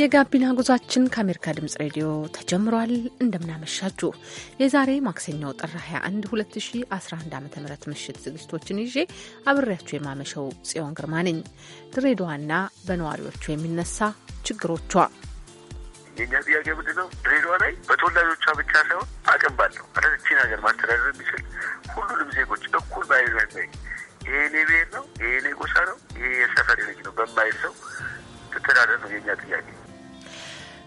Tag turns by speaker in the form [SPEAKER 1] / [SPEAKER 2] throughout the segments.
[SPEAKER 1] የጋቢና ጉዟችን ከአሜሪካ ድምጽ ሬዲዮ ተጀምሯል። እንደምናመሻችሁ የዛሬ ማክሰኞ ጥር 21 2011 ዓ ም ምሽት ዝግጅቶችን ይዤ አብሬያችሁ የማመሸው ጽዮን ግርማ ነኝ። ድሬዳዋና በነዋሪዎቹ የሚነሳ ችግሮቿ
[SPEAKER 2] የኛ ጥያቄ ምንድን ነው? ድሬዳዋ ላይ በተወላጆቿ ብቻ ሳይሆን አቅም ባለው አረችን ሀገር ማስተዳደር የሚችል ሁሉንም ዜጎች እኩል ባይዛ ያይ ይሄ እኔ ብሔር ነው፣ ይሄ እኔ ጎሳ ነው፣ ይሄ የሰፈር ልጅ ነው በማይል ሰው ትተዳደር ነው የእኛ ጥያቄ።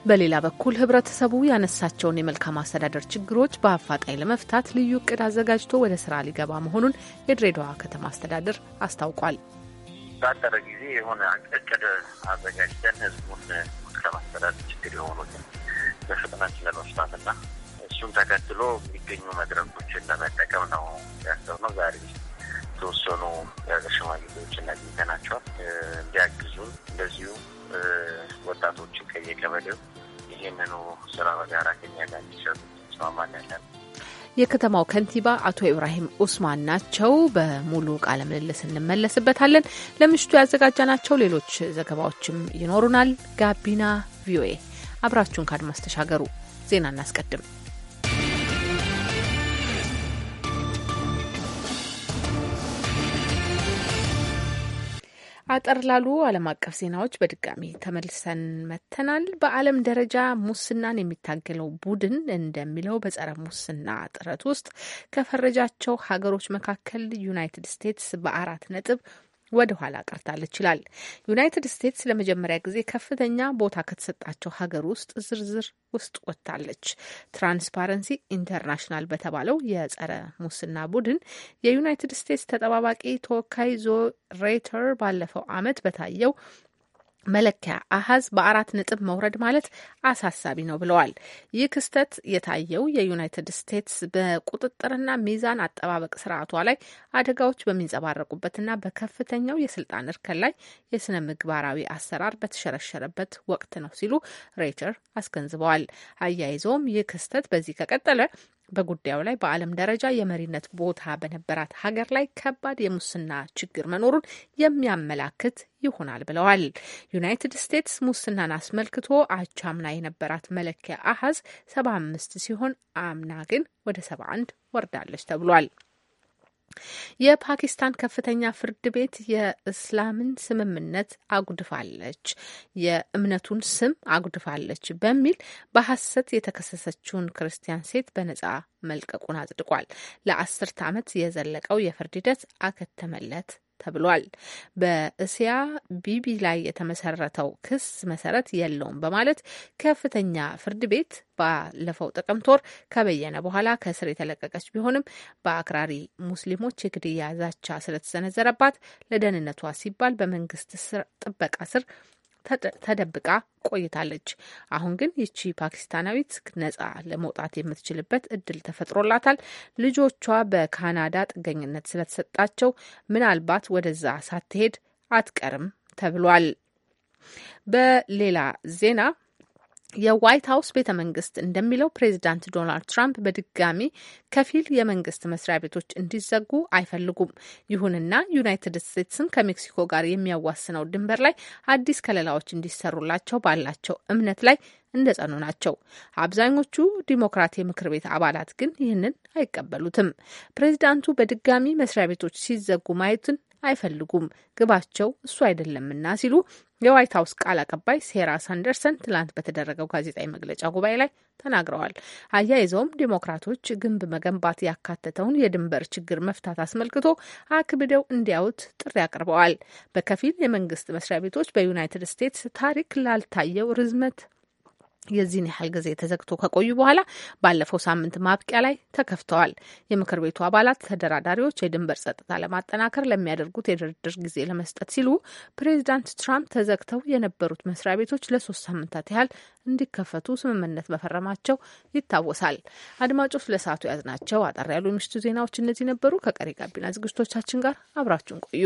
[SPEAKER 1] በሌላ በኩል ህብረተሰቡ ያነሳቸውን የመልካም አስተዳደር ችግሮች በአፋጣኝ ለመፍታት ልዩ እቅድ አዘጋጅቶ ወደ ስራ ሊገባ መሆኑን የድሬዳዋ ከተማ አስተዳደር አስታውቋል።
[SPEAKER 3] ባጠረ ጊዜ የሆነ እቅድ አዘጋጅተን ህዝቡን መልካም አስተዳደር ችግር የሆኑትን በፍጥነት ለመፍታትና እሱም ተከትሎ የሚገኙ መድረኮችን ለመጠቀም ነው ያሰብነው ዛሬ የተወሰኑ የሀገር ሽማግሌዎችን አግኝተናቸዋል። እንዲያግዙን እንደዚሁ ወጣቶችን ከየቀበሌው ይህንኑ ስራ በጋራ ከኛ ጋር እንዲሰሩ እንስማማለን።
[SPEAKER 1] የከተማው ከንቲባ አቶ ኢብራሂም ኡስማን ናቸው። በሙሉ ቃለ ምልልስ እንመለስበታለን። ለምሽቱ ያዘጋጀናቸው ሌሎች ዘገባዎችም ይኖሩናል። ጋቢና ቪኦኤ አብራችሁን ከአድማስ ተሻገሩ። ዜና እናስቀድም። አጠር ላሉ ዓለም አቀፍ ዜናዎች በድጋሚ ተመልሰን መተናል። በዓለም ደረጃ ሙስናን የሚታገለው ቡድን እንደሚለው በጸረ ሙስና ጥረት ውስጥ ከፈረጃቸው ሀገሮች መካከል ዩናይትድ ስቴትስ በአራት ነጥብ ወደ ኋላ ቀርታለች ይላል። ዩናይትድ ስቴትስ ለመጀመሪያ ጊዜ ከፍተኛ ቦታ ከተሰጣቸው ሀገር ውስጥ ዝርዝር ውስጥ ወጥታለች። ትራንስፓረንሲ ኢንተርናሽናል በተባለው የጸረ ሙስና ቡድን የዩናይትድ ስቴትስ ተጠባባቂ ተወካይ ዞ ሬተር ባለፈው አመት በታየው መለኪያ አሀዝ በአራት ነጥብ መውረድ ማለት አሳሳቢ ነው ብለዋል። ይህ ክስተት የታየው የዩናይትድ ስቴትስ በቁጥጥርና ሚዛን አጠባበቅ ስርዓቷ ላይ አደጋዎች በሚንጸባረቁበትና በከፍተኛው የስልጣን እርከን ላይ የስነ ምግባራዊ አሰራር በተሸረሸረበት ወቅት ነው ሲሉ ሬቸር አስገንዝበዋል። አያይዘውም ይህ ክስተት በዚህ ከቀጠለ በጉዳዩ ላይ በዓለም ደረጃ የመሪነት ቦታ በነበራት ሀገር ላይ ከባድ የሙስና ችግር መኖሩን የሚያመላክት ይሆናል ብለዋል። ዩናይትድ ስቴትስ ሙስናን አስመልክቶ አቻምና የነበራት መለኪያ አሀዝ ሰባ አምስት ሲሆን አምና ግን ወደ ሰባ አንድ ወርዳለች ተብሏል። የፓኪስታን ከፍተኛ ፍርድ ቤት የእስላምን ስምምነት አጉድፋለች፣ የእምነቱን ስም አጉድፋለች በሚል በሐሰት የተከሰሰችውን ክርስቲያን ሴት በነጻ መልቀቁን አጽድቋል። ለአስርት ዓመት የዘለቀው የፍርድ ሂደት አከተመለት ተብሏል። በእስያ ቢቢ ላይ የተመሰረተው ክስ መሰረት የለውም በማለት ከፍተኛ ፍርድ ቤት ባለፈው ጥቅምት ወር ከበየነ በኋላ ከእስር የተለቀቀች ቢሆንም በአክራሪ ሙስሊሞች የግድያ ዛቻ ስለተሰነዘረባት ለደህንነቷ ሲባል በመንግስት ጥበቃ ስር ተደብቃ ቆይታለች። አሁን ግን ይቺ ፓኪስታናዊት ነጻ ለመውጣት የምትችልበት እድል ተፈጥሮላታል። ልጆቿ በካናዳ ጥገኝነት ስለተሰጣቸው ምናልባት ወደዛ ሳትሄድ አትቀርም ተብሏል። በሌላ ዜና የዋይት ሀውስ ቤተ መንግስት እንደሚለው ፕሬዚዳንት ዶናልድ ትራምፕ በድጋሚ ከፊል የመንግስት መስሪያ ቤቶች እንዲዘጉ አይፈልጉም። ይሁንና ዩናይትድ ስቴትስን ከሜክሲኮ ጋር የሚያዋስነው ድንበር ላይ አዲስ ከለላዎች እንዲሰሩላቸው ባላቸው እምነት ላይ እንደጸኑ ናቸው። አብዛኞቹ ዲሞክራት የምክር ቤት አባላት ግን ይህንን አይቀበሉትም። ፕሬዚዳንቱ በድጋሚ መስሪያ ቤቶች ሲዘጉ ማየትን አይፈልጉም፣ ግባቸው እሱ አይደለምና ሲሉ የዋይት ሀውስ ቃል አቀባይ ሴራ ሳንደርሰን ትላንት በተደረገው ጋዜጣዊ መግለጫ ጉባኤ ላይ ተናግረዋል። አያይዘውም ዲሞክራቶች ግንብ መገንባት ያካተተውን የድንበር ችግር መፍታት አስመልክቶ አክብደው እንዲያዩት ጥሪ አቅርበዋል። በከፊል የመንግስት መስሪያ ቤቶች በዩናይትድ ስቴትስ ታሪክ ላልታየው ርዝመት የዚህን ያህል ጊዜ ተዘግቶ ከቆዩ በኋላ ባለፈው ሳምንት ማብቂያ ላይ ተከፍተዋል። የምክር ቤቱ አባላት ተደራዳሪዎች የድንበር ጸጥታ ለማጠናከር ለሚያደርጉት የድርድር ጊዜ ለመስጠት ሲሉ ፕሬዚዳንት ትራምፕ ተዘግተው የነበሩት መስሪያ ቤቶች ለሶስት ሳምንታት ያህል እንዲከፈቱ ስምምነት መፈረማቸው ይታወሳል። አድማጮች፣ ለሰዓቱ ናቸው። አጠር ያሉ የምሽቱ ዜናዎች እነዚህ ነበሩ። ከቀሪ ጋቢና ዝግጅቶቻችን ጋር አብራችሁን ቆዩ።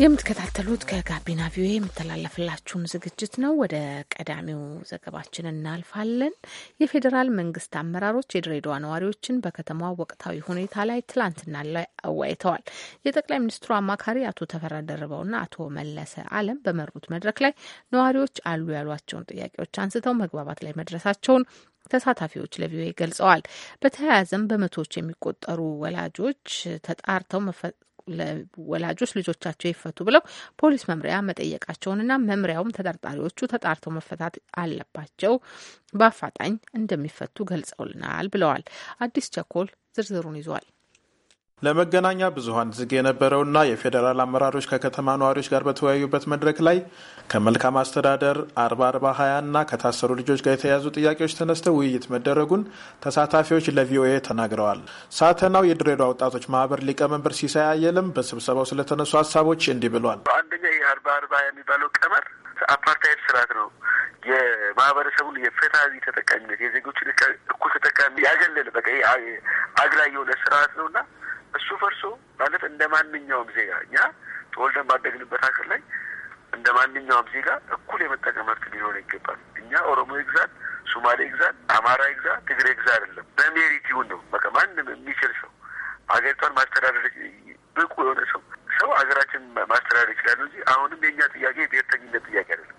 [SPEAKER 1] የምትከታተሉት ከጋቢና ቪኦኤ የምተላለፍላችሁን ዝግጅት ነው። ወደ ቀዳሚው ዘገባችን እናልፋለን። የፌዴራል መንግስት አመራሮች የድሬዳዋ ነዋሪዎችን በከተማዋ ወቅታዊ ሁኔታ ላይ ትላንትና ላይ አወያይተዋል። የጠቅላይ ሚኒስትሩ አማካሪ አቶ ተፈራ ደርበውና አቶ መለሰ አለም በመሩት መድረክ ላይ ነዋሪዎች አሉ ያሏቸውን ጥያቄዎች አንስተው መግባባት ላይ መድረሳቸውን ተሳታፊዎች ለቪኦኤ ገልጸዋል። በተያያዘም በመቶዎች የሚቆጠሩ ወላጆች ተጣርተው ወላጆች ልጆቻቸው ይፈቱ ብለው ፖሊስ መምሪያ መጠየቃቸውንና መምሪያውም ተጠርጣሪዎቹ ተጣርተው መፈታት አለባቸው፣ በአፋጣኝ እንደሚፈቱ ገልጸውልናል ብለዋል። አዲስ ቸኮል ዝርዝሩን ይዟል።
[SPEAKER 4] ለመገናኛ ብዙኃን ዝግ የነበረውና የፌዴራል አመራሮች ከከተማ ነዋሪዎች ጋር በተወያዩበት መድረክ ላይ ከመልካም አስተዳደር አርባ አርባ ሀያ እና ከታሰሩ ልጆች ጋር የተያያዙ ጥያቄዎች ተነስተው ውይይት መደረጉን ተሳታፊዎች ለቪኦኤ ተናግረዋል። ሳተናው የድሬዳዋ ወጣቶች ማህበር ሊቀመንበር ሲሳይ አየለም በስብሰባው ስለተነሱ ሀሳቦች እንዲህ ብሏል።
[SPEAKER 2] አንደኛ የአርባ አርባ የሚባለው ቀመር አፓርታይድ ስርዓት ነው። የማህበረሰቡን የፍትሃዊ ተጠቃሚነት የዜጎችን እኩል ተጠቃሚ ያገለለ በቃ አግላይ የሆነ ስርዓት ነው እና እሱ ፈርሶ ማለት እንደ ማንኛውም ዜጋ እኛ ተወልደን ባደግንበት ሀገር ላይ እንደ ማንኛውም ዜጋ እኩል የመጠቀም መብት ሊኖር ይገባል። እኛ ኦሮሞ ይግዛል፣ ሶማሌ ይግዛል፣ አማራ ይግዛ፣ ትግሬ ይግዛ አይደለም። በሜሪት ይሁን ነው። በቃ ማንም የሚችል ሰው ሀገሪቷን ማስተዳደር ብቁ የሆነ ሰው ሰው ሀገራችን ማስተዳደር ይችላል እንጂ አሁንም የእኛ ጥያቄ ብሔርተኝነት ጥያቄ አይደለም።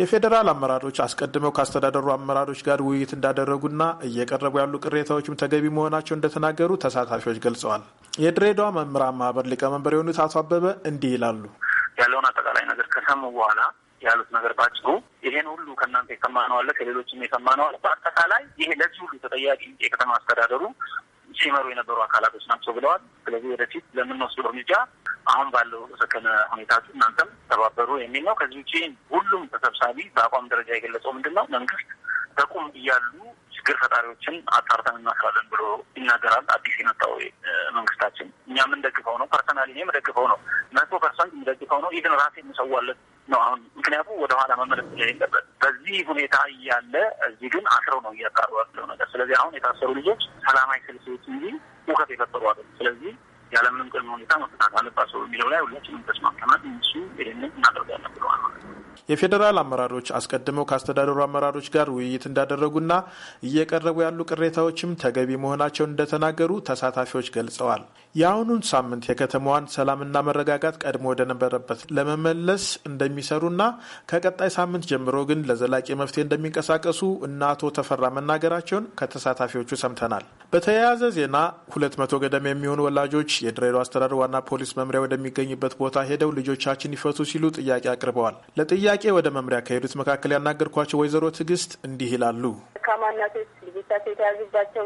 [SPEAKER 4] የፌዴራል አመራሮች አስቀድመው ካስተዳደሩ አመራሮች ጋር ውይይት እንዳደረጉና እየቀረቡ ያሉ ቅሬታዎችም ተገቢ መሆናቸው እንደተናገሩ ተሳታፊዎች ገልጸዋል። የድሬዳዋ መምህራን ማህበር ሊቀመንበር የሆኑት አቶ አበበ እንዲህ ይላሉ። ያለውን
[SPEAKER 3] አጠቃላይ ነገር ከሰሙ በኋላ ያሉት ነገር ባጭሩ ይሄን ሁሉ ከእናንተ የሰማነው አለ፣ ከሌሎችም የሰማነው አለ። በአጠቃላይ ይሄ ለዚህ ሁሉ ተጠያቂ የከተማ አስተዳደሩ ሲመሩ የነበሩ አካላቶች ናቸው ብለዋል። ስለዚህ ወደፊት ለምንወስደው እርምጃ አሁን ባለው ሰከነ ሁኔታ እናንተም ተባበሩ የሚል ነው። ከዚህ ውጭ ሁሉም ተሰብሳቢ በአቋም ደረጃ የገለጸው ምንድን ነው መንግስት በቁም እያሉ ችግር ፈጣሪዎችን አጣርተን እናስራለን ብሎ ይናገራል። አዲስ የመጣው መንግስታችን እኛ የምንደግፈው ነው። ፐርሰናሊ የምደግፈው ነው። መቶ ፐርሰንት የምደግፈው ነው። ኢድን ራሴ የምሰዋለት ነው። አሁን ምክንያቱም ወደኋላ መመለስ የሌለበት በዚህ ሁኔታ እያለ እዚህ ግን አስረው ነው እያጣሩ ያለው ነገር። ስለዚህ አሁን የታሰሩ ልጆች ሰላማዊ ሰልፎች እንጂ ውከት የፈጠሩ አይደለም። ስለዚህ ያለምንም ቅድመ ሁኔታ መፈታት አለባቸው የሚለው ላይ ሁላችንም ተስማምተናል። እሱ ይህንን እናደርጋለን ብለዋል ማለት ነው።
[SPEAKER 4] የፌዴራል አመራሮች አስቀድመው ከአስተዳደሩ አመራሮች ጋር ውይይት እንዳደረጉና እየቀረቡ ያሉ ቅሬታዎችም ተገቢ መሆናቸውን እንደተናገሩ ተሳታፊዎች ገልጸዋል። የአሁኑን ሳምንት የከተማዋን ሰላምና መረጋጋት ቀድሞ ወደነበረበት ለመመለስ እንደሚሰሩና ከቀጣይ ሳምንት ጀምሮ ግን ለዘላቂ መፍትሄ እንደሚንቀሳቀሱ እና አቶ ተፈራ መናገራቸውን ከተሳታፊዎቹ ሰምተናል። በተያያዘ ዜና ሁለት መቶ ገደም የሚሆኑ ወላጆች የድሬዳዋ አስተዳደር ዋና ፖሊስ መምሪያ ወደሚገኝበት ቦታ ሄደው ልጆቻችን ይፈቱ ሲሉ ጥያቄ አቅርበዋል። ጥያቄ ወደ መምሪያ ከሄዱት መካከል ያናገርኳቸው ወይዘሮ ትዕግስት እንዲህ ይላሉ።
[SPEAKER 3] ደካማ እናቶች ልጆቻቸው የተያዙባቸው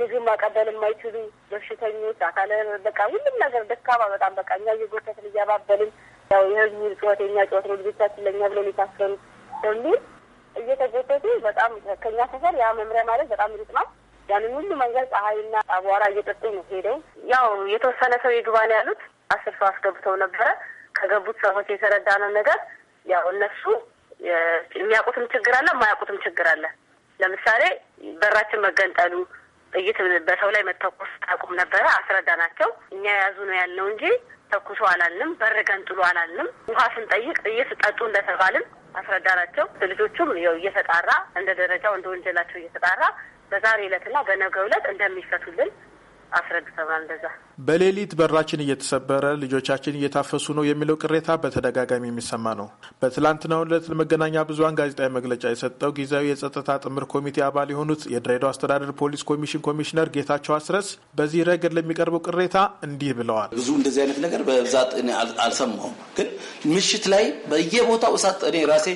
[SPEAKER 3] ምግብ ማቀበል የማይችሉ በሽተኞች፣ አካለ በቃ ሁሉም ነገር ደካማ በጣም በቃ እኛ እየጎተትን እያባበልን ያው የህዝቡ ጩኸት የኛ ጩኸት ነው ልጆቻችን ለእኛ ብለን የታሰሩት በሚል እየተጎተቱ በጣም ከኛ ሰፈር ያ መምሪያ ማለት በጣም ሩቅ ነው። ያንን ሁሉ መንገድ ፀሐይና አቧራ እየጠጡ ነው ሄደው ያው የተወሰነ ሰው ይግባን ያሉት አስር ሰው አስገብተው ነበረ። ከገቡት ሰዎች የተረዳነው ነገር ያው እነሱ የሚያውቁትም ችግር አለ፣ የማያውቁትም ችግር አለ። ለምሳሌ በራችን መገንጠሉ፣ ጥይት በሰው ላይ መተኮስ አቁም ነበረ። አስረዳ ናቸው።
[SPEAKER 5] እኛ የያዙ ነው ያለው እንጂ
[SPEAKER 3] ተኩሶ አላልንም፣ በር ገንጥሎ አላልንም። ውሃ ስንጠይቅ ጥይት ጠጡ እንደተባልን አስረዳናቸው። ልጆቹም ያው እየተጣራ እንደ ደረጃው እንደ ወንጀላቸው እየተጣራ በዛሬ ዕለትና
[SPEAKER 2] በነገ ዕለት እንደሚፈቱልን አስረግተናል። እንደዛ
[SPEAKER 4] በሌሊት በራችን እየተሰበረ ልጆቻችን እየታፈሱ ነው የሚለው ቅሬታ በተደጋጋሚ የሚሰማ ነው። በትላንትናው ዕለት ለመገናኛ ብዙሀን ጋዜጣዊ መግለጫ የሰጠው ጊዜያዊ የጸጥታ ጥምር ኮሚቴ አባል የሆኑት የድሬዳዋ አስተዳደር ፖሊስ ኮሚሽን ኮሚሽነር ጌታቸው አስረስ በዚህ ረገድ ለሚቀርበው ቅሬታ እንዲህ ብለዋል። ብዙ እንደዚህ አይነት
[SPEAKER 6] ነገር በብዛት አልሰማሁም፣ ግን ምሽት ላይ በየቦታው እሳት እኔ ራሴ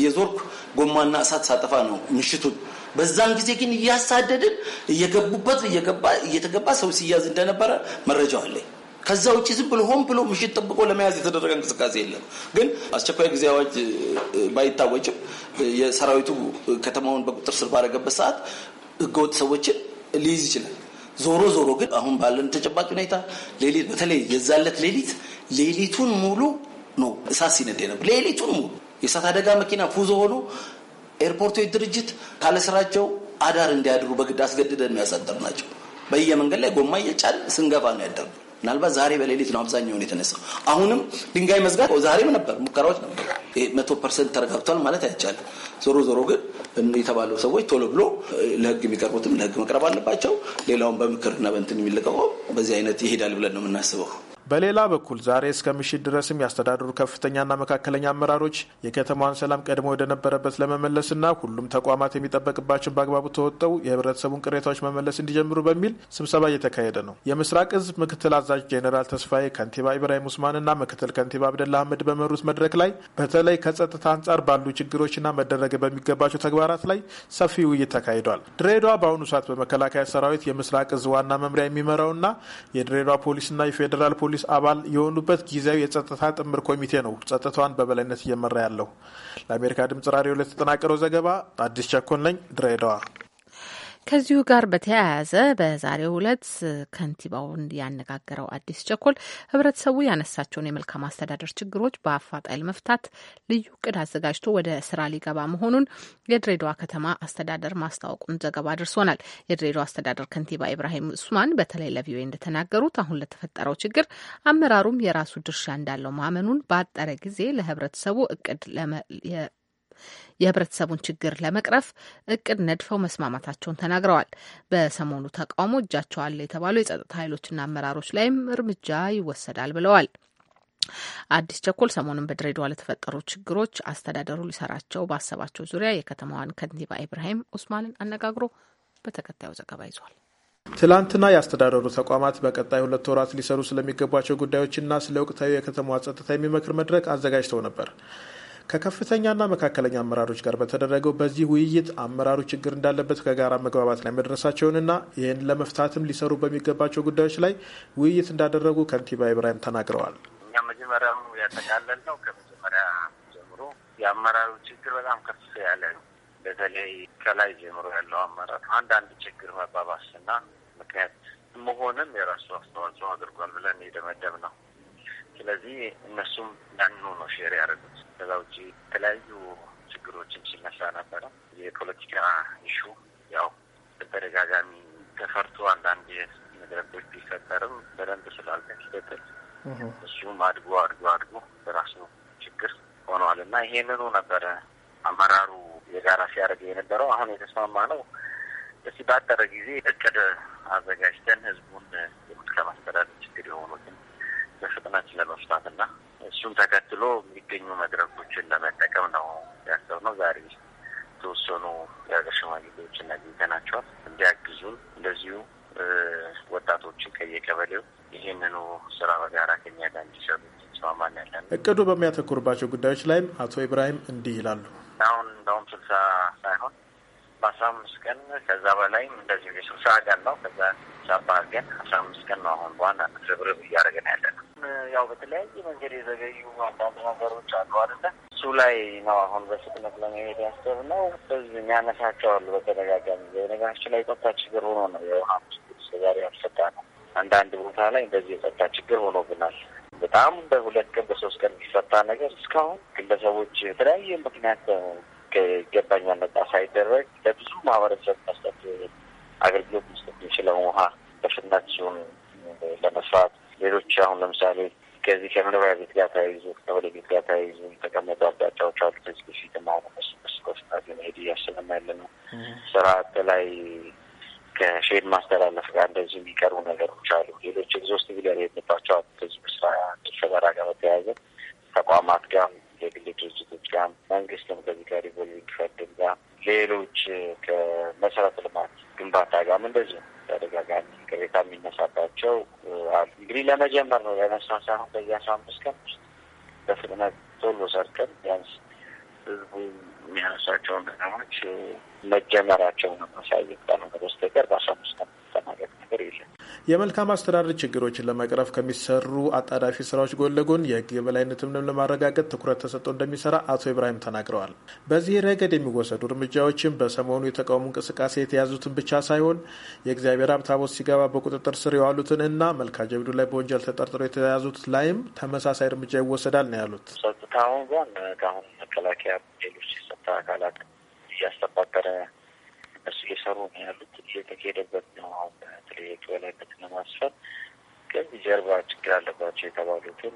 [SPEAKER 6] እየዞርኩ ጎማና እሳት ሳጠፋ ነው ምሽቱን በዛን ጊዜ ግን እያሳደድን እየገቡበት እየተገባ ሰው ሲያዝ እንደነበረ መረጃው አለኝ። ከዛ ውጭ ዝም ብሎ ሆን ብሎ ምሽት ጠብቆ ለመያዝ የተደረገ እንቅስቃሴ የለም። ግን አስቸኳይ ጊዜ አዋጅ ባይታወጭም የሰራዊቱ ከተማውን በቁጥር ስር ባደረገበት ሰዓት ህገወጥ ሰዎችን ሊይዝ ይችላል። ዞሮ ዞሮ ግን አሁን ባለን ተጨባጭ ሁኔታ ሌሊት በተለይ የዛለት ሌሊት ሌሊቱን ሙሉ ነው እሳት ሲነድ ነበር። ሌሊቱን ሙሉ የእሳት አደጋ መኪና ፉዞ ሆኖ ኤርፖርቶች ድርጅት ካለስራቸው አዳር እንዲያድሩ በግድ አስገድደን የሚያሳደር ናቸው። በየመንገድ ላይ ጎማ እየጫን ስንገፋ ነው ያደር። ምናልባት ዛሬ በሌሊት ነው አብዛኛውን የተነሳው። አሁንም ድንጋይ መዝጋት ዛሬም ነበር፣ ሙከራዎች ነበር። መቶ ፐርሰንት ተረጋግቷል ማለት አይቻልም። ዞሮ ዞሮ ግን የተባለው ሰዎች ቶሎ ብሎ ለህግ የሚቀርቡትም ለህግ መቅረብ አለባቸው። ሌላውን በምክርና በንትን የሚለቀቀው በዚህ አይነት ይሄዳል ብለን ነው የምናስበው።
[SPEAKER 4] በሌላ በኩል ዛሬ እስከ ምሽት ድረስም ያስተዳደሩ ከፍተኛና መካከለኛ አመራሮች የከተማዋን ሰላም ቀድሞ ወደነበረበት ለመመለስና ሁሉም ተቋማት የሚጠበቅባቸውን በአግባቡ ተወጠው የህብረተሰቡን ቅሬታዎች መመለስ እንዲጀምሩ በሚል ስብሰባ እየተካሄደ ነው። የምስራቅ እዝ ምክትል አዛዥ ጄኔራል ተስፋዬ፣ ከንቲባ ኢብራሂም ውስማንና ምክትል ከንቲባ አብደላ አህመድ በመሩት መድረክ ላይ በተለይ ከጸጥታ አንጻር ባሉ ችግሮችና መደረግ በሚገባቸው ተግባራት ላይ ሰፊ ውይይት ተካሂዷል። ድሬዳዋ በአሁኑ ሰዓት በመከላከያ ሰራዊት የምስራቅ እዝ ዋና መምሪያ የሚመራውና የድሬዳዋ ፖሊስና የፌዴራል ፖሊስ ፖሊስ አባል የሆኑበት ጊዜያዊ የጸጥታ ጥምር ኮሚቴ ነው ጸጥታዋን በበላይነት እየመራ ያለው። ለአሜሪካ ድምጽ ራዲዮ ለተጠናቀረው ዘገባ አዲስ ቸኮን ነኝ ድሬዳዋ።
[SPEAKER 1] ከዚሁ ጋር በተያያዘ በዛሬው ዕለት ከንቲባውን ያነጋገረው አዲስ ቸኮል ህብረተሰቡ ያነሳቸውን የመልካም አስተዳደር ችግሮች በአፋጣኝ ለመፍታት ልዩ እቅድ አዘጋጅቶ ወደ ስራ ሊገባ መሆኑን የድሬዳዋ ከተማ አስተዳደር ማስታወቁን ዘገባ ደርሶናል። የድሬዳዋ አስተዳደር ከንቲባ ኢብራሂም ኡስማን በተለይ ለቪኦኤ እንደተናገሩት አሁን ለተፈጠረው ችግር አመራሩም የራሱ ድርሻ እንዳለው ማመኑን በአጠረ ጊዜ ለህብረተሰቡ እቅድ የህብረተሰቡን ችግር ለመቅረፍ እቅድ ነድፈው መስማማታቸውን ተናግረዋል። በሰሞኑ ተቃውሞ እጃቸው አለ የተባሉ የጸጥታ ኃይሎችና አመራሮች ላይም እርምጃ ይወሰዳል ብለዋል። አዲስ ቸኮል ሰሞኑን በድሬዳዋ ለተፈጠሩ ችግሮች አስተዳደሩ ሊሰራቸው ባሰባቸው ዙሪያ የከተማዋን ከንቲባ ኢብራሂም ኡስማንን አነጋግሮ በተከታዩ ዘገባ
[SPEAKER 4] ይዟል። ትላንትና የአስተዳደሩ ተቋማት በቀጣይ ሁለት ወራት ሊሰሩ ስለሚገቧቸው ጉዳዮችና ስለ ወቅታዊ የከተማዋ ጸጥታ የሚመክር መድረክ አዘጋጅተው ነበር። ከከፍተኛና መካከለኛ አመራሮች ጋር በተደረገው በዚህ ውይይት አመራሩ ችግር እንዳለበት ከጋራ መግባባት ላይ መድረሳቸውንና ይህን ለመፍታትም ሊሰሩ በሚገባቸው ጉዳዮች ላይ ውይይት እንዳደረጉ ከንቲባ ኢብራሂም ተናግረዋል።
[SPEAKER 3] እኛ መጀመሪያው ያጠቃለል ነው። ከመጀመሪያ ጀምሮ የአመራሩ ችግር በጣም ከፍ ያለ ነው። በተለይ ከላይ ጀምሮ ያለው አመራር አንዳንድ ችግር መባባስና ምክንያት መሆንም የራሱ አስተዋጽኦ አድርጓል ብለን የደመደብ ነው ስለዚህ እነሱም ያንኑ ነው ሼር ያደረጉት። ከዛ ውጭ የተለያዩ ችግሮችን ሲነሳ ነበረ። የፖለቲካ ኢሹ ያው በተደጋጋሚ ተፈርቶ አንዳንድ መድረኮች ቢፈጠርም በደንብ ስላልተከተል እሱም አድጎ አድጎ አድጎ በራሱ ችግር ሆነዋል እና ይሄንኑ ነበረ አመራሩ የጋራ ሲያደርግ የነበረው። አሁን የተስማማ ነው እስቲ ባጠረ ጊዜ እቅድ አዘጋጅተን ህዝቡን የሙት ከማስተዳደር ችግር የሆኑትን በፍጥነት ለመፍታት እና እሱን ተከትሎ የሚገኙ መድረኮችን ለመጠቀም ነው ያሰብነው። ዛሬ የተወሰኑ የሀገር ሽማግሌዎችን አግኝተናቸዋል እንዲያግዙን እንደዚሁ ወጣቶችን ከየቀበሌው ይህንኑ ስራ በጋራ ከኛ ጋር እንዲሰሩ ተስማማን ያለን።
[SPEAKER 4] እቅዱ በሚያተኩርባቸው ጉዳዮች ላይም አቶ ኢብራሂም እንዲህ ይላሉ።
[SPEAKER 3] አሁን እንደውም ስልሳ ሳይሆን በአስራ አምስት ቀን ከዛ በላይም እንደዚሁ የስልሳ ቀን ነው። ከዛ ሳባ ቀን አስራ አምስት ቀን ነው። አሁን በዋና ርብርብ እያደረገን ያለ ነው። ያው በተለያየ መንገድ የዘገዩ አንዳንድ ነገሮች አሉ አደለ? እሱ ላይ ነው አሁን በፍጥነት ለመሄድ ያስብ ነው። በዚህ የሚያነሳቸዋሉ በተደጋጋሚ በነገራችን ላይ የጸጥታ ችግር ሆኖ ነው የውሃ ዛሬ ያልፈታ ነው። አንዳንድ ቦታ ላይ በዚህ የጸጥታ ችግር ሆኖብናል። በጣም በሁለት ቀን በሶስት ቀን የሚፈታ ነገር እስካሁን ግለሰቦች የተለያየ ምክንያት ይገባኛል ነጻ ሳይደረግ ለብዙ ማህበረሰብ መስጠት አገልግሎት መስጠት የሚችለው ውሃ በፍጥነት ሲሆን ለመስራት ሌሎች አሁን ለምሳሌ ከዚህ ከመኖሪያ ቤት ጋር ተያይዞ ከወደ ቤት ጋር ተያይዞ የተቀመጡ አቅጣጫዎች አሉ። ከዚህ በፊት ማሆነ መስኮስታት መሄድ እያስብን ያለ ነው። ስርአት ላይ ከሼድ ማስተላለፍ ጋር እንደዚህ የሚቀርቡ ነገሮች አሉ። ሌሎች ኤግዞስት ቪለር የሄድንባቸው አሉ። ከዚህ በስራ ሽፈራ ጋር በተያያዘ ተቋማት ጋር የግል ድርጅቶች ጋር መንግስትም ከዚህ ጋር ሪቮልቭ ፈንድ ጋር ሌሎች ከመሰረተ ልማት ግንባታ ጋርም እንደዚሁ ተደጋጋሚ ቅሬታ የሚነሳባቸው አሉ። እንግዲህ ለመጀመር ነው ለመስራት ሳይሆን በዚህ አስራ አምስት ቀን ውስጥ በፍጥነት ቶሎ ሰርተን ቢያንስ ህዝቡ የሚያነሳቸውን ከተሞች ነው ማሳየት ካልሆነ በስተቀር በአስራ
[SPEAKER 7] አምስት ተናገር ነገር የለም።
[SPEAKER 4] የመልካም አስተዳደር ችግሮችን ለመቅረፍ ከሚሰሩ አጣዳፊ ስራዎች ጎን ለጎን የህግ የበላይነትም ለማረጋገጥ ትኩረት ተሰጥቶ እንደሚሰራ አቶ ኢብራሂም ተናግረዋል። በዚህ ረገድ የሚወሰዱ እርምጃዎችን በሰሞኑ የተቃውሞ እንቅስቃሴ የተያዙትን ብቻ ሳይሆን የእግዚአብሔር ሀብ ታቦት ሲገባ በቁጥጥር ስር የዋሉትን እና መልካ ጀብዱ ላይ በወንጀል ተጠርጥረው የተያዙት ላይም ተመሳሳይ እርምጃ ይወሰዳል ነው ያሉት።
[SPEAKER 3] ጸጥታውን ጎን ከአሁን መከላከያ ሌሎች የጸጥታ አካላት እያስተባበረ እነሱ እየሰሩ ነው ያሉት። እየተካሄደበት ነው። አሁን በተለይ የበላይነትን ለማስፈን ከዚህ ጀርባ ችግር አለባቸው የተባሉትን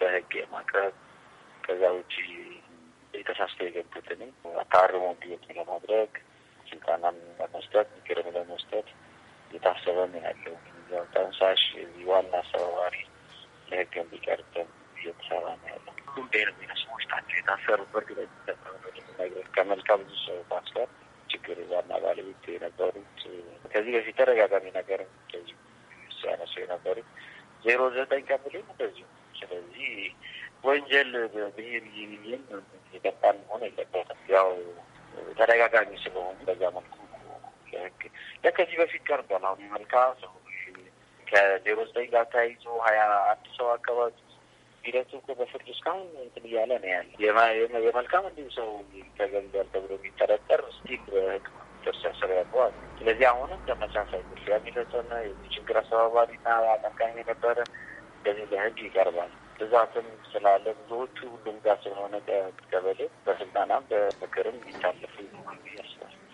[SPEAKER 3] ለህግ የማቅረብ ከዛ ውጭ የተሳስቶ የገቡትንም አታርሞ እንዲወጡ ለማድረግ ስልጣናም ለመስጠት ምክርም ለመስጠት የታሰበ ነው ያለው። ጠንሳሽ ዋና አስተባባሪ ለህግ እንዲቀርብም እየተሰራ ነው ያለው። ሁሉም ብሔር ብሔረሰቦች ናቸው የታሰሩት። በግለ የሚነግረን ብዙ ሰው ታስሯል። ችግር ዋና ባለቤት የነበሩት ከዚህ በፊት ተደጋጋሚ ነገር እንደዚሁ ሲያነሱ የነበሩት ዜሮ ዘጠኝ ቀበሌ እንደዚሁ። ስለዚህ ወንጀል ብሔር ይብይን የጠጣን መሆን የለበትም። ያው ተደጋጋሚ ስለሆኑ በዛ መልኩ ለህግ ለከዚህ በፊት ቀርቧል። አሁን መልካ ሰው ከዜሮ ዘጠኝ ጋር ተያይዞ ሀያ አንድ ሰው አካባቢ ሂደቱ እኮ በፍርድ እስካሁን እንትን እያለ ነው ያለ የመልካም እንዲሁ ሰው ተገንዟል ተብሎ የሚጠረጠር ስቲክ በህግ ቁጥጥር ስር ስር ስለዚህ አሁንም ተመሳሳይ ጉዳይ የሚፈጸመ የችግር ችግር አስተባባሪና አጠቃሚ የነበረ እንደዚህ ለህግ ይቀርባል። ብዛትም ስላለ ብዙዎቹ ሁሉም ጋር ስለሆነ ቀበሌ በስልጠናም
[SPEAKER 7] በምክርም ይቻላል።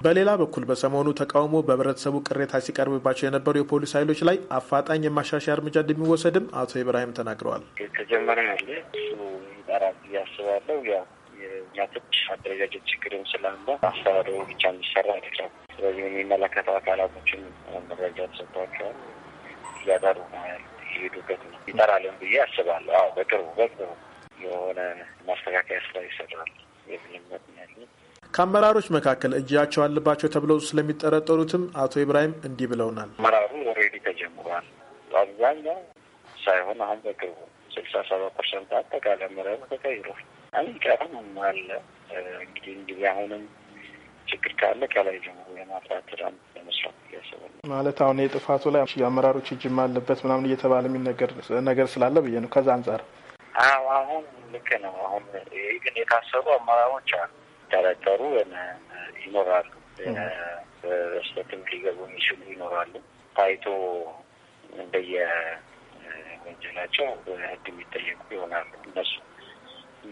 [SPEAKER 4] በሌላ በኩል በሰሞኑ ተቃውሞ በህብረተሰቡ ቅሬታ ሲቀርብባቸው የነበሩ የፖሊስ ኃይሎች ላይ አፋጣኝ የማሻሻያ እርምጃ እንደሚወሰድም አቶ ኢብራሂም ተናግረዋል።
[SPEAKER 3] ተጀመረ ያለ እሱ ይጠራል እያስባለው ያው አደረጃጀት ችግርም ስላለ አስተባደ ብቻ እንዲሰራ አይደለም። ስለዚህ የሚመለከተው አካላቶችን መረጃ ተሰጥቷቸዋል እያጠሩ ሄዱበት ነው ይጠራልን ብዬ አስባለሁ። አዎ በቅርቡ በቅርቡ የሆነ ማስተካከያ ስራ ይሰራል የሚል ያለ
[SPEAKER 4] ከአመራሮች መካከል እጃቸው አለባቸው ተብለው ስለሚጠረጠሩትም አቶ ኢብራሂም እንዲህ ብለውናል።
[SPEAKER 3] አመራሩ ኦልሬዲ ተጀምሯል። አብዛኛው ሳይሆን አሁን በቅርቡ ስልሳ ሰባ ፐርሰንት አጠቃላይ አመራሩ ተቀይሯል። አሁን ቀረም አለ እንግዲህ እንግዲህ አሁንም ችግር ካለ ከላይ ጀምሮ የማፍራት ራም ለመስራት እያሰበን
[SPEAKER 4] ማለት አሁን የጥፋቱ ላይ የአመራሮች እጅም አለበት ምናምን እየተባለ የሚነገር ነገር ስላለ ብዬ ነው። ከዛ አንጻር
[SPEAKER 3] አሁን ልክ ነው። አሁን ይህ ግን የታሰሩ አመራሮች አሉ ዳይሬክተሩ ይኖራሉ፣ በስተትም ሊገቡ የሚችሉ ይኖራሉ። ታይቶ እንደየ ወንጀላቸው በህግ የሚጠየቁ ይሆናሉ። እነሱ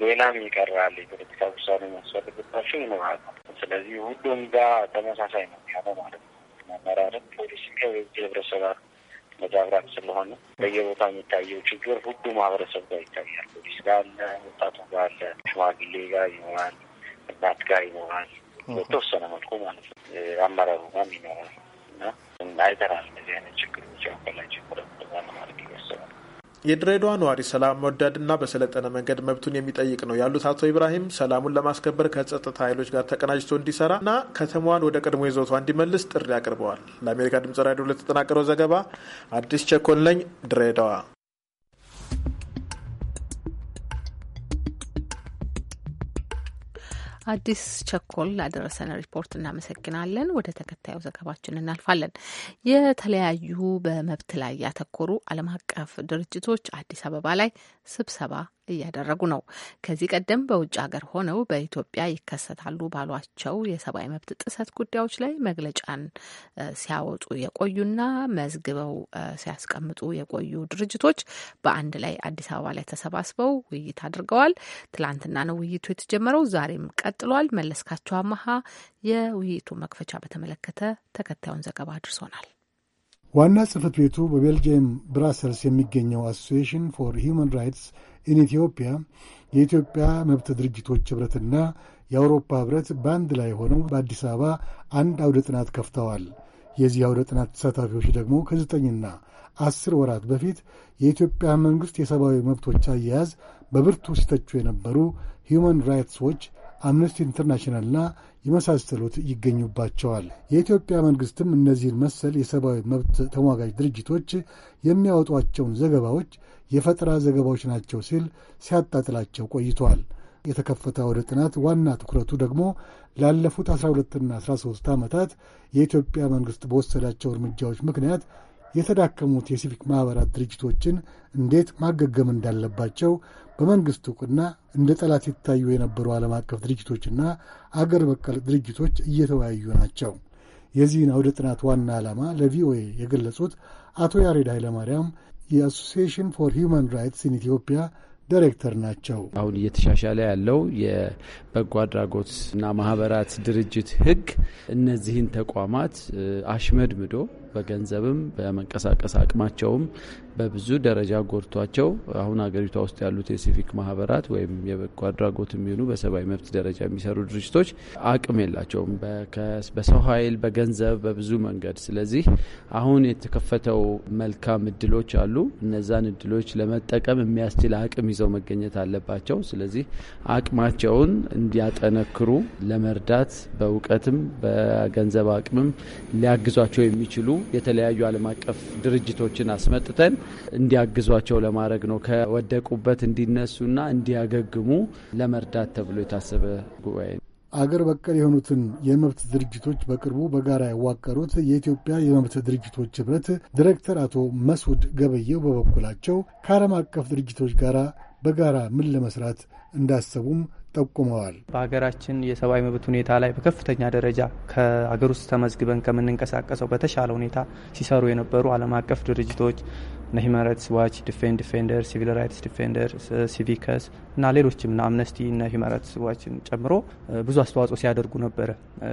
[SPEAKER 3] ሌላም ይቀራል፣ የፖለቲካ ውሳኔ የሚያስፈልግባቸው ይኖራሉ። ስለዚህ ሁሉም ጋር ተመሳሳይ ነው ያለ ማለት ነው። መመራረት ፖሊስ ህብረተሰብ መዛብራት ስለሆነ በየቦታ የሚታየው ችግር ሁሉ ማህበረሰብ ጋር ይታያል። ፖሊስ ጋር አለ፣ ወጣቱ ጋር አለ፣ ሽማግሌ ጋር ይኖራል እናት ጋር ይኖራል በተወሰነ መልኩ ማለት ነው። አመራሩ ጋም ይኖራል እና አይተናል እነዚህ አይነት ችግሮች ያፈላቸው ማለት ይወሰናል።
[SPEAKER 4] የድሬዳዋ ነዋሪ ሰላም መወዳድና በሰለጠነ መንገድ መብቱን የሚጠይቅ ነው ያሉት አቶ ኢብራሂም ሰላሙን ለማስከበር ከጸጥታ ኃይሎች ጋር ተቀናጅቶ እንዲሰራ እና ከተማዋን ወደ ቀድሞ ይዞቷ እንዲመልስ ጥሪ አቅርበዋል። ለአሜሪካ ድምጽ ራዲዮ ለተጠናቀረው ዘገባ አዲስ ቸኮል ነኝ ድሬዳዋ።
[SPEAKER 1] አዲስ ቸኮል ላደረሰን ሪፖርት እናመሰግናለን። ወደ ተከታዩ ዘገባችን እናልፋለን። የተለያዩ በመብት ላይ ያተኮሩ ዓለም አቀፍ ድርጅቶች አዲስ አበባ ላይ ስብሰባ እያደረጉ ነው። ከዚህ ቀደም በውጭ ሀገር ሆነው በኢትዮጵያ ይከሰታሉ ባሏቸው የሰብአዊ መብት ጥሰት ጉዳዮች ላይ መግለጫን ሲያወጡ የቆዩና መዝግበው ሲያስቀምጡ የቆዩ ድርጅቶች በአንድ ላይ አዲስ አበባ ላይ ተሰባስበው ውይይት አድርገዋል። ትላንትና ነው ውይይቱ የተጀመረው፣ ዛሬም ቀጥሏል። መለስካቸው አመሃ የውይይቱ መክፈቻ በተመለከተ ተከታዩን ዘገባ አድርሶናል።
[SPEAKER 8] ዋና ጽህፈት ቤቱ በቤልጅየም ብራሰልስ የሚገኘው አሶሲሽን ፎር ሂውማን ራይትስ ኢን ኢትዮጵያ የኢትዮጵያ መብት ድርጅቶች ኅብረትና የአውሮፓ ኅብረት በአንድ ላይ ሆነው በአዲስ አበባ አንድ አውደ ጥናት ከፍተዋል። የዚህ አውደ ጥናት ተሳታፊዎች ደግሞ ከዘጠኝና አስር ወራት በፊት የኢትዮጵያ መንግሥት የሰብአዊ መብቶች አያያዝ በብርቱ ሲተቹ የነበሩ ሂውማን ራይትስ ዎች አምነስቲ ኢንተርናሽናልና የመሳሰሉት ይገኙባቸዋል። የኢትዮጵያ መንግስትም እነዚህን መሰል የሰብአዊ መብት ተሟጋጅ ድርጅቶች የሚያወጧቸውን ዘገባዎች የፈጠራ ዘገባዎች ናቸው ሲል ሲያጣጥላቸው ቆይቷል። የተከፈተ ወደ ጥናት ዋና ትኩረቱ ደግሞ ላለፉት 12ና 13 ዓመታት የኢትዮጵያ መንግሥት በወሰዳቸው እርምጃዎች ምክንያት የተዳከሙት የሲቪክ ማኅበራት ድርጅቶችን እንዴት ማገገም እንዳለባቸው በመንግስት እውቅና እንደ ጠላት ይታዩ የነበሩ ዓለም አቀፍ ድርጅቶችና አገር በቀል ድርጅቶች እየተወያዩ ናቸው። የዚህን አውደ ጥናት ዋና ዓላማ ለቪኦኤ የገለጹት አቶ ያሬድ ኃይለማርያም የአሶሲሽን ፎር ሂውማን ራይትስ ኢን ኢትዮጵያ ዳይሬክተር ናቸው።
[SPEAKER 5] አሁን እየተሻሻለ ያለው የበጎ አድራጎትና ማህበራት ድርጅት ህግ እነዚህን ተቋማት አሽመድምዶ በገንዘብም በመንቀሳቀስ አቅማቸውም በብዙ ደረጃ ጎድቷቸው አሁን ሀገሪቷ ውስጥ ያሉት የሲቪክ ማህበራት ወይም የበጎ አድራጎት የሚሆኑ በሰብአዊ መብት ደረጃ የሚሰሩ ድርጅቶች አቅም የላቸውም በሰው ኃይል፣ በገንዘብ፣ በብዙ መንገድ። ስለዚህ አሁን የተከፈተው መልካም እድሎች አሉ። እነዛን እድሎች ለመጠቀም የሚያስችል አቅም ይዘው መገኘት አለባቸው። ስለዚህ አቅማቸውን እንዲያጠነክሩ ለመርዳት በእውቀትም በገንዘብ አቅምም ሊያግዟቸው የሚችሉ የተለያዩ ዓለም አቀፍ ድርጅቶችን አስመጥተን እንዲያግዟቸው ለማድረግ ነው። ከወደቁበት እንዲነሱና እንዲያገግሙ ለመርዳት ተብሎ የታሰበ ጉባኤ ነው።
[SPEAKER 8] አገር በቀል የሆኑትን የመብት ድርጅቶች በቅርቡ በጋራ ያዋቀሩት የኢትዮጵያ የመብት ድርጅቶች ህብረት ዲሬክተር አቶ መስዑድ ገበየው በበኩላቸው ከዓለም አቀፍ ድርጅቶች ጋር በጋራ ምን ለመስራት እንዳሰቡም ጠቁመዋል።
[SPEAKER 9] በሀገራችን የሰብአዊ መብት ሁኔታ ላይ በከፍተኛ ደረጃ ከሀገር ውስጥ ተመዝግበን ከምንንቀሳቀሰው በተሻለ ሁኔታ ሲሰሩ የነበሩ ዓለም አቀፍ ድርጅቶች እነ ሂማን ራይትስ ዋች፣ ዲፌን ዲፌንደር፣ ሲቪል ራይትስ ዲፌንደር፣ ሲቪከስ እና ሌሎችም እነ አምነስቲ እነ ሂማን ራይትስ ዋችን ጨምሮ ብዙ አስተዋጽኦ ሲያደርጉ ነበረ።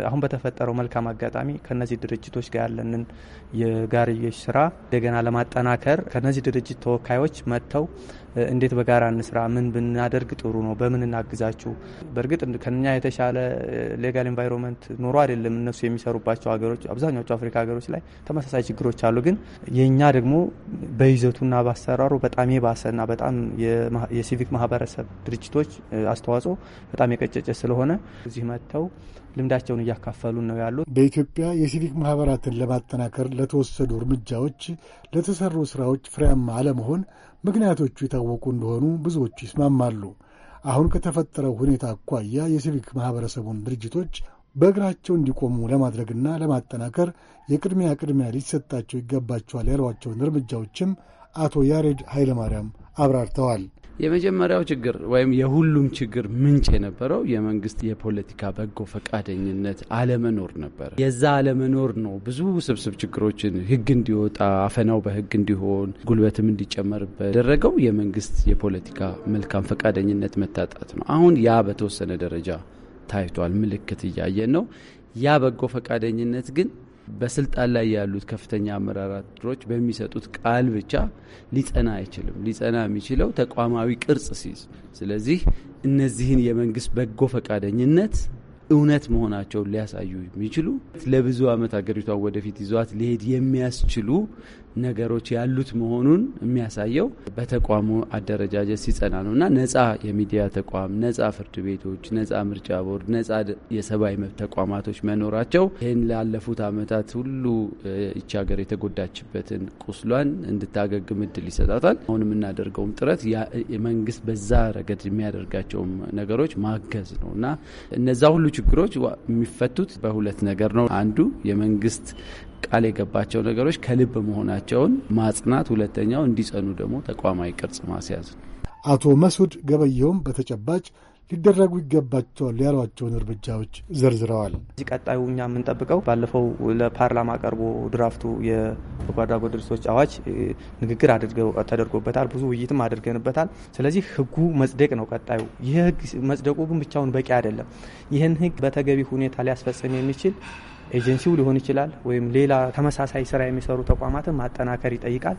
[SPEAKER 9] አሁን በተፈጠረው መልካም አጋጣሚ ከነዚህ ድርጅቶች ጋር ያለንን የጋርዮች ስራ እንደገና ለማጠናከር ከነዚህ ድርጅት ተወካዮች መጥተው እንዴት በጋራ እንስራ፣ ምን ብናደርግ ጥሩ ነው፣ በምን እናግዛችሁ። በእርግጥ ከኛ የተሻለ ሌጋል ኤንቫይሮንመንት ኖሮ አይደለም እነሱ የሚሰሩባቸው ሀገሮች፣ አብዛኛዎቹ አፍሪካ ሀገሮች ላይ ተመሳሳይ ችግሮች አሉ። ግን የእኛ ደግሞ በይዘቱና በአሰራሩ በጣም የባሰና በጣም የሲቪክ ማህበረሰብ ድርጅቶች አስተዋጽኦ በጣም የቀጨጨ ስለሆነ እዚህ መጥተው ልምዳቸውን እያካፈሉን ነው ያሉት።
[SPEAKER 8] በኢትዮጵያ የሲቪክ ማህበራትን ለማጠናከር ለተወሰዱ እርምጃዎች፣ ለተሰሩ ስራዎች ፍሬያማ አለመሆን ምክንያቶቹ የታወቁ እንደሆኑ ብዙዎቹ ይስማማሉ። አሁን ከተፈጠረው ሁኔታ አኳያ የሲቪክ ማህበረሰቡን ድርጅቶች በእግራቸው እንዲቆሙ ለማድረግና ለማጠናከር የቅድሚያ ቅድሚያ ሊሰጣቸው ይገባቸዋል ያሏቸውን እርምጃዎችም አቶ ያሬድ ኃይለማርያም አብራርተዋል።
[SPEAKER 5] የመጀመሪያው ችግር ወይም የሁሉም ችግር ምንጭ የነበረው የመንግስት የፖለቲካ በጎ ፈቃደኝነት አለመኖር ነበር። የዛ አለመኖር ነው ብዙ ስብስብ ችግሮችን ህግ እንዲወጣ አፈናው በህግ እንዲሆን ጉልበትም እንዲጨመርበት ያደረገው የመንግስት የፖለቲካ መልካም ፈቃደኝነት መታጣት ነው። አሁን ያ በተወሰነ ደረጃ ታይቷል፣ ምልክት እያየን ነው። ያ በጎ ፈቃደኝነት ግን በስልጣን ላይ ያሉት ከፍተኛ አመራራሮች በሚሰጡት ቃል ብቻ ሊጸና አይችልም። ሊጸና የሚችለው ተቋማዊ ቅርጽ ሲይዝ። ስለዚህ እነዚህን የመንግስት በጎ ፈቃደኝነት እውነት መሆናቸውን ሊያሳዩ የሚችሉ ለብዙ ዓመት ሀገሪቷን ወደፊት ይዟት ሊሄድ የሚያስችሉ ነገሮች ያሉት መሆኑን የሚያሳየው በተቋሙ አደረጃጀት ሲጸና ነው እና ነጻ የሚዲያ ተቋም፣ ነጻ ፍርድ ቤቶች፣ ነጻ ምርጫ ቦርድ፣ ነጻ የሰብአዊ መብት ተቋማቶች መኖራቸው ይህን ላለፉት አመታት ሁሉ ይቺ ሀገር የተጎዳችበትን ቁስሏን እንድታገግም እድል ይሰጣታል። አሁን የምናደርገውም ጥረት መንግስት በዛ ረገድ የሚያደርጋቸውም ነገሮች ማገዝ ነው እና እነዛ ሁሉ ችግሮች የሚፈቱት በሁለት ነገር ነው። አንዱ የመንግስት ቃል የገባቸው ነገሮች ከልብ መሆናቸውን ማጽናት፣ ሁለተኛው እንዲጸኑ ደግሞ ተቋማዊ ቅርጽ ማስያዝ ነው።
[SPEAKER 8] አቶ መስዑድ ገበየውም በተጨባጭ ሊደረጉ ይገባቸዋል ያሏቸውን እርምጃዎች ዘርዝረዋል።
[SPEAKER 9] እዚህ ቀጣዩ እኛ የምንጠብቀው ባለፈው ለፓርላማ ቀርቦ ድራፍቱ የበጎ አድራጎት ድርጅቶች አዋጅ ንግግር ተደርጎበታል፣ ብዙ ውይይትም አድርገንበታል። ስለዚህ ህጉ መጽደቅ ነው ቀጣዩ። ይህ ህግ መጽደቁ ግን ብቻውን በቂ አይደለም። ይህን ህግ በተገቢ ሁኔታ ሊያስፈጽም የሚችል ኤጀንሲው ሊሆን ይችላል ወይም ሌላ ተመሳሳይ ስራ የሚሰሩ ተቋማትን ማጠናከር ይጠይቃል።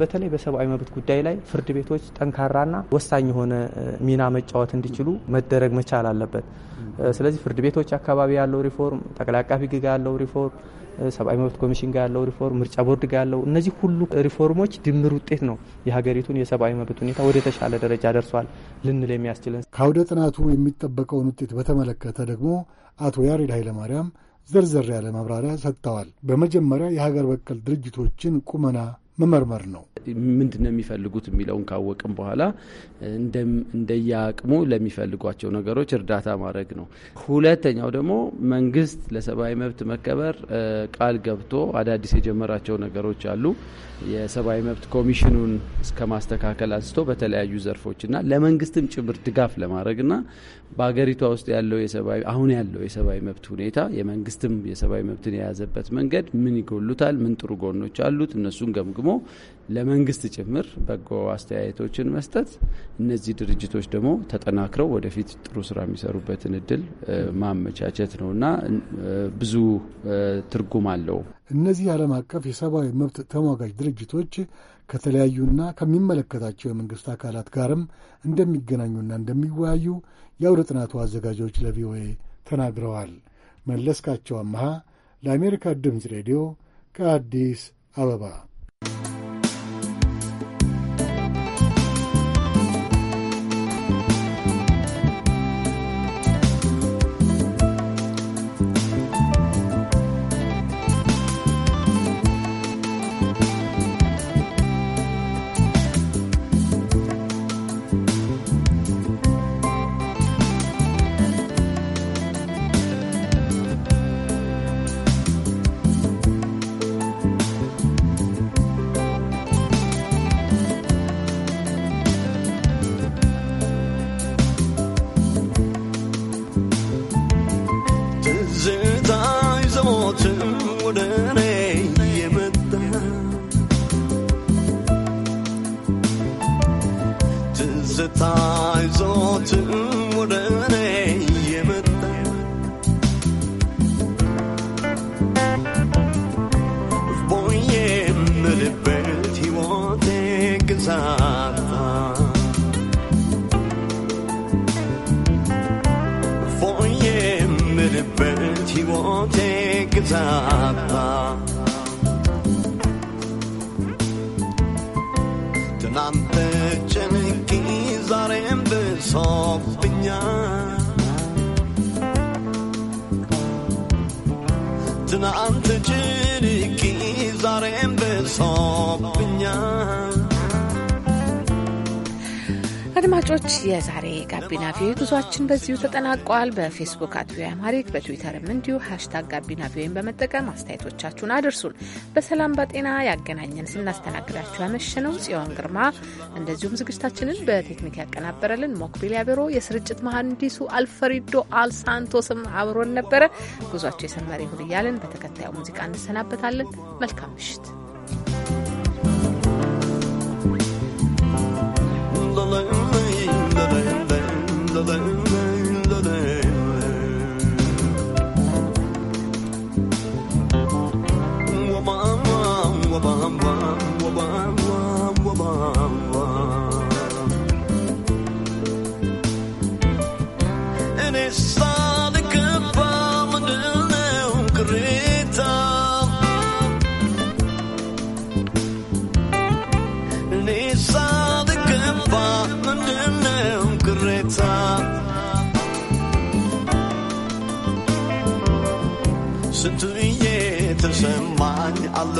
[SPEAKER 9] በተለይ በሰብአዊ መብት ጉዳይ ላይ ፍርድ ቤቶች ጠንካራና ወሳኝ የሆነ ሚና መጫወት እንዲችሉ መደረግ መቻል አለበት። ስለዚህ ፍርድ ቤቶች አካባቢ ያለው ሪፎርም፣ ጠቅላይ አቃቢ ሕግ ጋር ያለው ሪፎርም፣ ሰብአዊ መብት ኮሚሽን ጋር ያለው ሪፎርም፣ ምርጫ ቦርድ ጋር ያለው እነዚህ ሁሉ ሪፎርሞች ድምር ውጤት ነው የሀገሪቱን የሰብአዊ መብት ሁኔታ ወደ ተሻለ ደረጃ ደርሷል ልንል የሚያስችለን።
[SPEAKER 8] ከአውደ ጥናቱ የሚጠበቀውን ውጤት በተመለከተ ደግሞ አቶ ያሬድ ኃይለማርያም ዘርዘር ያለ ማብራሪያ ሰጥተዋል። በመጀመሪያ የሀገር በቀል ድርጅቶችን ቁመና መመርመር ነው።
[SPEAKER 5] ምንድን ነው የሚፈልጉት የሚለውን ካወቅም በኋላ እንደየአቅሙ ለሚፈልጓቸው ነገሮች እርዳታ ማድረግ ነው። ሁለተኛው ደግሞ መንግስት ለሰብአዊ መብት መከበር ቃል ገብቶ አዳዲስ የጀመራቸው ነገሮች አሉ። የሰብአዊ መብት ኮሚሽኑን እስከ ማስተካከል አንስቶ በተለያዩ ዘርፎችና ለመንግስትም ጭምር ድጋፍ ለማድረግና በሀገሪቷ ውስጥ ያለው የሰብአዊ አሁን ያለው የሰብአዊ መብት ሁኔታ የመንግስትም የሰብአዊ መብትን የያዘበት መንገድ ምን ይጎሉታል፣ ምን ጥሩ ጎኖች አሉት፣ እነሱን ገምግሞ ለመንግስት ጭምር በጎ አስተያየቶችን መስጠት፣ እነዚህ ድርጅቶች ደግሞ ተጠናክረው ወደፊት ጥሩ ስራ የሚሰሩበትን እድል ማመቻቸት ነው እና ብዙ ትርጉም አለው።
[SPEAKER 8] እነዚህ ዓለም አቀፍ የሰብአዊ መብት ተሟጋጅ ድርጅቶች ከተለያዩና ከሚመለከታቸው የመንግስት አካላት ጋርም እንደሚገናኙና እንደሚወያዩ የአውደ ጥናቱ አዘጋጆች ለቪኦኤ ተናግረዋል። መለስካቸው አመሃ ለአሜሪካ ድምፅ ሬዲዮ ከአዲስ አበባ
[SPEAKER 7] We won't take his heart Tonante ce ne chisarem de sopigna Tonante ce ne chisarem de sopigna
[SPEAKER 1] አድማጮች የዛሬ ጋቢና ቪኦኤ ጉዟችን በዚሁ ተጠናቋል። በፌስቡክ አት ቪኦኤ አማሪክ በትዊተርም እንዲሁ ሀሽታግ ጋቢና ቪኦኤን በመጠቀም አስተያየቶቻችሁን አድርሱን። በሰላም በጤና ያገናኘን። ስናስተናግዳችሁ ያመሸ ነው ጽዮን ግርማ፣ እንደዚሁም ዝግጅታችንን በቴክኒክ ያቀናበረልን ሞክቢል ያቤሮ፣ የስርጭት መሐንዲሱ አልፈሪዶ አልሳንቶስም አብሮን ነበረ። ጉዟቸው የሰመረ ይሁን እያልን በተከታዩ ሙዚቃ እንሰናበታለን። መልካም ምሽት።
[SPEAKER 7] la la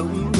[SPEAKER 7] the